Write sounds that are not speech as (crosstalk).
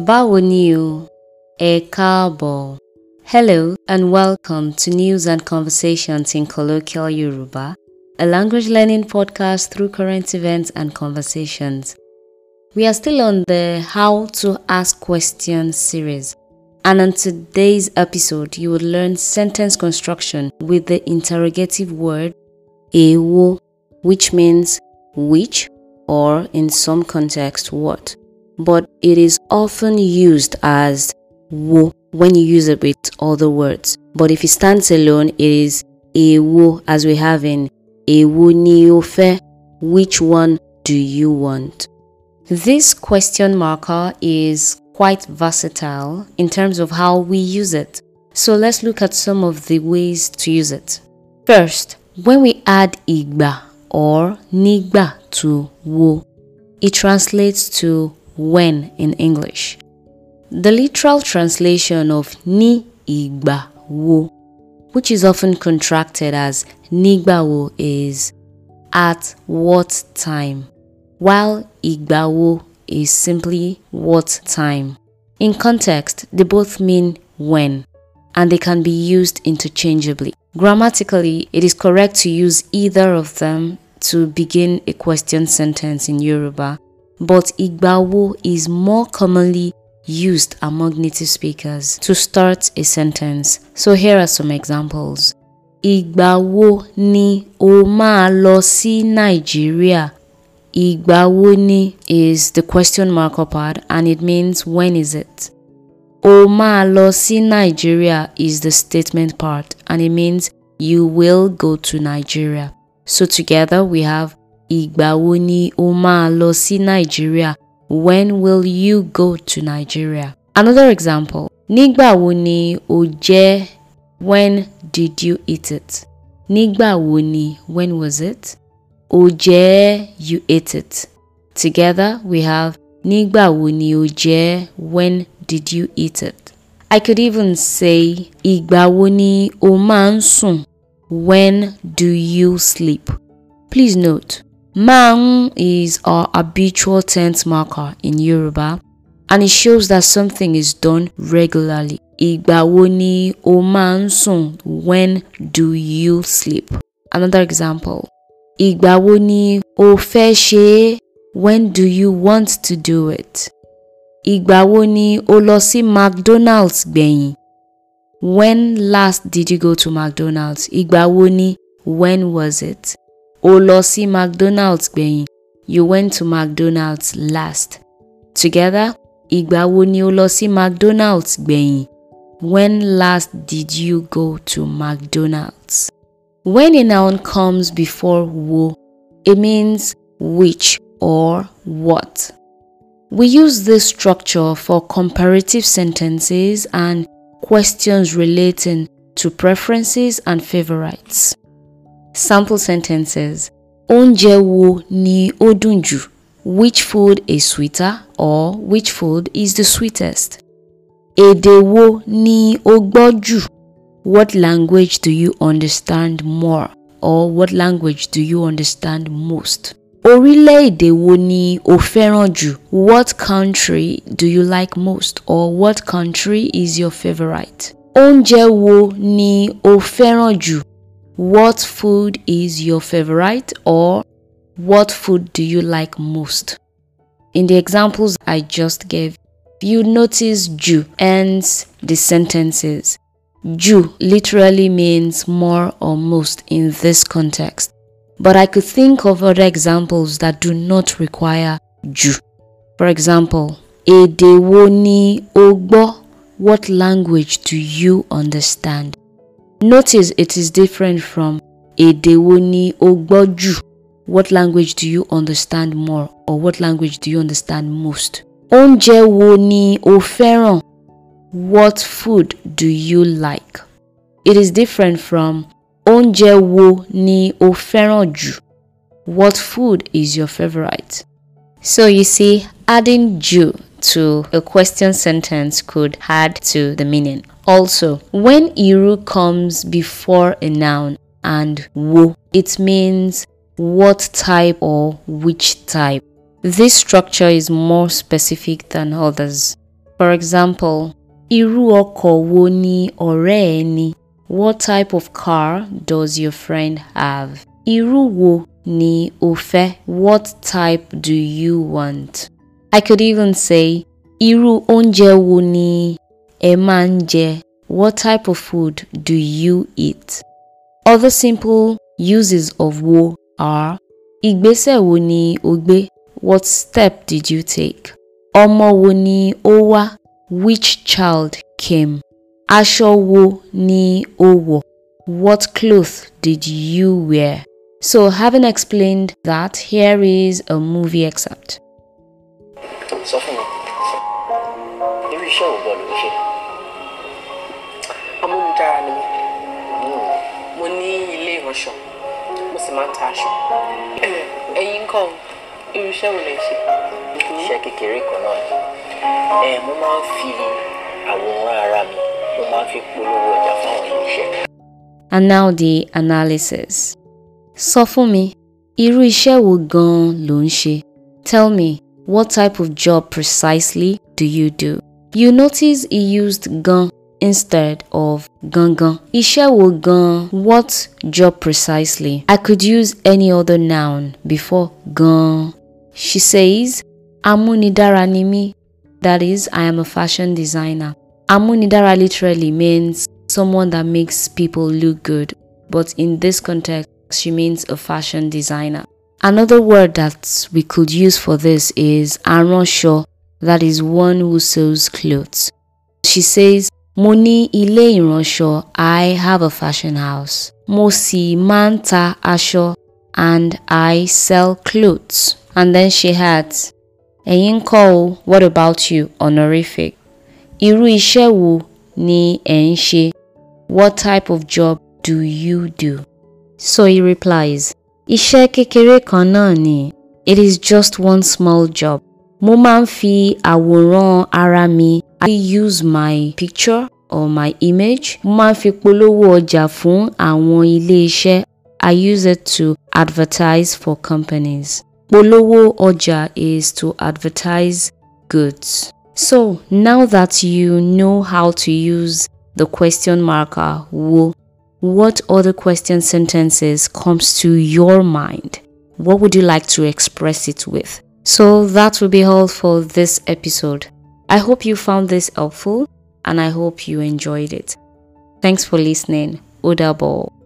Báwo ni o? Hello and welcome to News and Conversations in Colloquial Yoruba, a language learning podcast through current events and conversations. We are still on the How to Ask Questions series, and on today's episode, you will learn sentence construction with the interrogative word Ewo, which means which or in some context what but it is often used as wo when you use it with other words. But if it stands alone, it is ewo as we have in ewo ni which one do you want? This question marker is quite versatile in terms of how we use it. So let's look at some of the ways to use it. First, when we add igba or nigba to wo, it translates to when in English. The literal translation of ni igba wo, which is often contracted as nigba wo, is at what time, while igba wo is simply what time. In context, they both mean when, and they can be used interchangeably. Grammatically, it is correct to use either of them to begin a question sentence in Yoruba but Igbawo is more commonly used among native speakers to start a sentence. So here are some examples. Igbawo ni o ma lo si Nigeria? Igbawo ni is the question mark part and it means when is it? O ma lo si Nigeria is the statement part and it means you will go to Nigeria. So together we have Ìgbà wo ni lọ sí Nigeria? When will you go to Nigeria? Another example. Nígbà wo oje. When did you eat it? Nígbà wo When was it? Oje. you ate it. Together we have Nígbà wo oje. When did you eat it? I could even say Ìgbà wo ni sùn? When do you sleep? Please note Mang is our habitual tense marker in Yoruba and it shows that something is done regularly. Ìgbà o mansun, When do you sleep? Another example. Ìgbà o feshi. When do you want to do it? Ìgbà o losi McDonald's gbẹ̀yìn? When last did you go to McDonald's? Ìgbà When was it? O lọ sí McDonald's gbẹ̀yìn. You went to McDonald's last. Together, ìgbà wo ni o lọ sí McDonald's gbẹ̀yìn? When last did you go to McDonald's? When a noun comes before wo, it means which or what. We use this structure for comparative sentences and questions relating to preferences and favorites. Sample sentences. Onje wo ni ó Which food is sweeter or which food is the sweetest? Èdè wo ni o What language do you understand more or what language do you understand most? Orílẹ̀-èdè wo ni o What country do you like most or what country is your favourite? Onje wo ni o what food is your favorite or what food do you like most? In the examples I just gave, you notice ju ends the sentences. Ju literally means more or most in this context. But I could think of other examples that do not require ju. For example, Èdè wo ni What language do you understand? Notice it is different from a wo o What language do you understand more or what language do you understand most? Onje woni ni o What food do you like? It is different from onje wo ni o jù? What food is your favorite? So you see, adding jù to a question sentence could add to the meaning. Also, when Iru comes before a noun and wo, it means what type or which type. This structure is more specific than others. For example, Iru oko wo ni ọ̀rẹ́ ni. What type of car does your friend have? Iru wo ni ofe, What type do you want? I could even say Iru onje wo ni Emanje, what type of food do you eat? Other simple uses of wo are Ìgbésẹ̀ wo ni o What step did you take? Ọmọ wo ni ó wá? Which child came? Aṣọ wo ni owa, which child came Asho wo ni owo, What cloth did you wear? So, having explained that, here is a movie excerpt. iṣẹ́ òògùn ló ń ṣe. ni mi hmm. mo ní ilé ìránṣọ mo sì máa ta aṣọ (clears throat) ẹ̀yin kan irú wo lè ṣe. Hmm. iṣẹ́ kékeré náà ni mo máa ń fi àwòrán ara mi mo máa ń fi polówó ọjà fáwọn oníṣẹ́. And now the analysis. Sọ fún mi, irú iṣẹ́ wo gan-an ló ń ṣe? Tell me, what type of job precisely do you do? You notice he used gan instead of gun. Isha will gan what job precisely? I could use any other noun before gan. She says, Amunidara ni mi. That is, I am a fashion designer. Amunidara literally means someone that makes people look good, but in this context, she means a fashion designer. Another word that we could use for this is aronsho that is one who sews clothes. She says, "Moni ilé ìránṣọ, I have a fashion house. Mosi manta asho, ta and I sell clothes. And then she adds, Ẹ̀yin what about you? Honorific. Irú iṣẹ́ wo ni ẹ̀ What type of job do you do? So he replies, Iṣẹ́ kékeré It is just one small job. Mo máa ń fi àwòrán ara mi I use my picture or my image. Mo máa ń fi polówó ọjà fún àwọn ilé iṣẹ́. I use it to advertise for companies. Polówó ọjà is to advertise goods. So now that you know how to use the question marker wo, what other question sentences comes to your mind? What would you like to express it with? So that will be all for this episode. I hope you found this helpful and I hope you enjoyed it. Thanks for listening. Oda Ball.